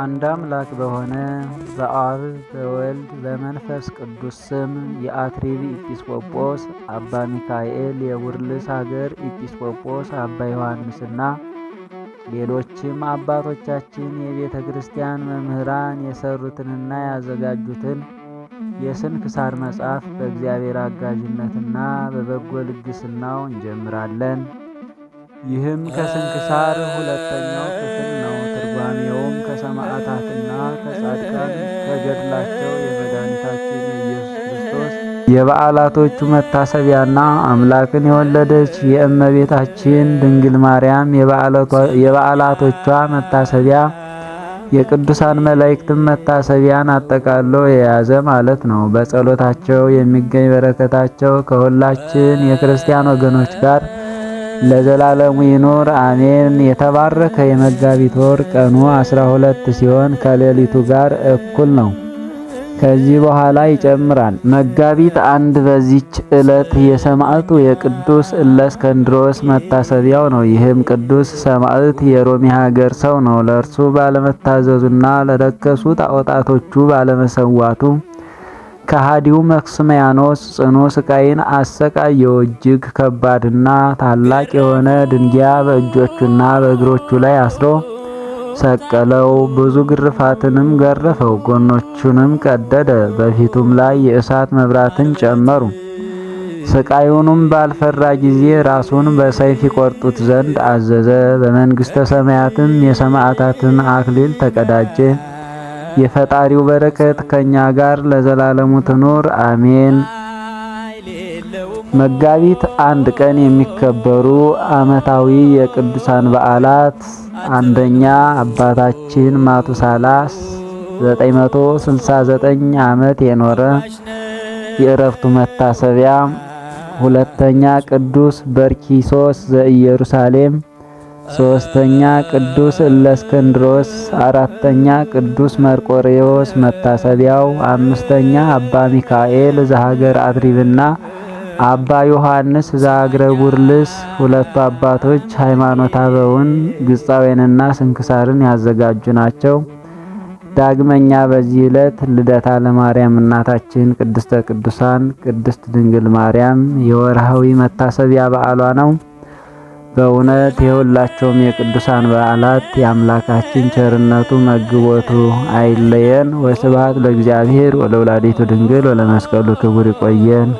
አንድ አምላክ በሆነ በአብ በወልድ በመንፈስ ቅዱስ ስም የአትሪብ ኢጲስቆጶስ አባ ሚካኤል የውርልስ ሀገር ኢጲስቆጶስ አባ ዮሐንስና ሌሎችም አባቶቻችን የቤተ ክርስቲያን መምህራን የሰሩትንና ያዘጋጁትን የስንክሳር መጽሐፍ በእግዚአብሔር አጋዥነትና በበጎ ልግስናው እንጀምራለን። ይህም ከስንክሳር ሁለተኛው ከሰማዕታትና ከጻድቃን ከገድላቸው የመድኃኒታችን የኢየሱስ ክርስቶስ የበዓላቶቹ መታሰቢያና አምላክን የወለደች የእመቤታችን ድንግል ማርያም የበዓላቶቿ መታሰቢያ የቅዱሳን መላእክትን መታሰቢያን አጠቃሎ የያዘ ማለት ነው። በጸሎታቸው የሚገኝ በረከታቸው ከሁላችን የክርስቲያን ወገኖች ጋር ለዘላለሙ ይኑር አሜን። የተባረከ የመጋቢት ወር ቀኑ 12 ሲሆን ከሌሊቱ ጋር እኩል ነው። ከዚህ በኋላ ይጨምራል። መጋቢት አንድ በዚች ዕለት የሰማዕቱ የቅዱስ እለእስክንድሮስ መታሰቢያው ነው። ይህም ቅዱስ ሰማዕት የሮሚ ሀገር ሰው ነው። ለእርሱ ባለመታዘዙና ለረከሱ ጣዖታቶቹ ባለመሰዋቱ ከሃዲው መክስሚያኖስ ጽኑ ስቃይን አሰቃየው። እጅግ ከባድና ታላቅ የሆነ ድንጋያ በእጆቹና በእግሮቹ ላይ አስሮ ሰቀለው። ብዙ ግርፋትንም ገረፈው፣ ጎኖቹንም ቀደደ። በፊቱም ላይ የእሳት መብራትን ጨመሩ። ስቃዩንም ባልፈራ ጊዜ ራሱን በሰይፍ ይቆርጡት ዘንድ አዘዘ። በመንግሥተ ሰማያትም የሰማዕታትን አክሊል ተቀዳጀ። የፈጣሪው በረከት ከኛ ጋር ለዘላለሙ ትኖር አሜን። መጋቢት አንድ ቀን የሚከበሩ ዓመታዊ የቅዱሳን በዓላት አንደኛ አባታችን ማቱሳላስ 969 ዓመት የኖረ የእረፍቱ መታሰቢያ። ሁለተኛ ቅዱስ በርኪሶስ ዘኢየሩሳሌም ሶስተኛ ቅዱስ እለእስክንድሮስ፣ አራተኛ ቅዱስ መርቆሬዎስ መታሰቢያው፣ አምስተኛ አባ ሚካኤል ዘሀገር አድሪብና አባ ዮሐንስ ዘአግረ ቡርልስ። ሁለቱ አባቶች ሃይማኖተ አበውን ግጻዌንና ስንክሳርን ያዘጋጁ ናቸው። ዳግመኛ በዚህ ዕለት ልደታ ለማርያም እናታችን ቅድስተ ቅዱሳን ቅድስት ድንግል ማርያም የወርሃዊ መታሰቢያ በዓሏ ነው። በእውነት የሁላቸውም የቅዱሳን በዓላት የአምላካችን ቸርነቱ መግቦቱ አይለየን። ወስብሐት ለእግዚአብሔር ወለወላዲቱ ድንግል ወለመስቀሉ ክቡር ይቆየን።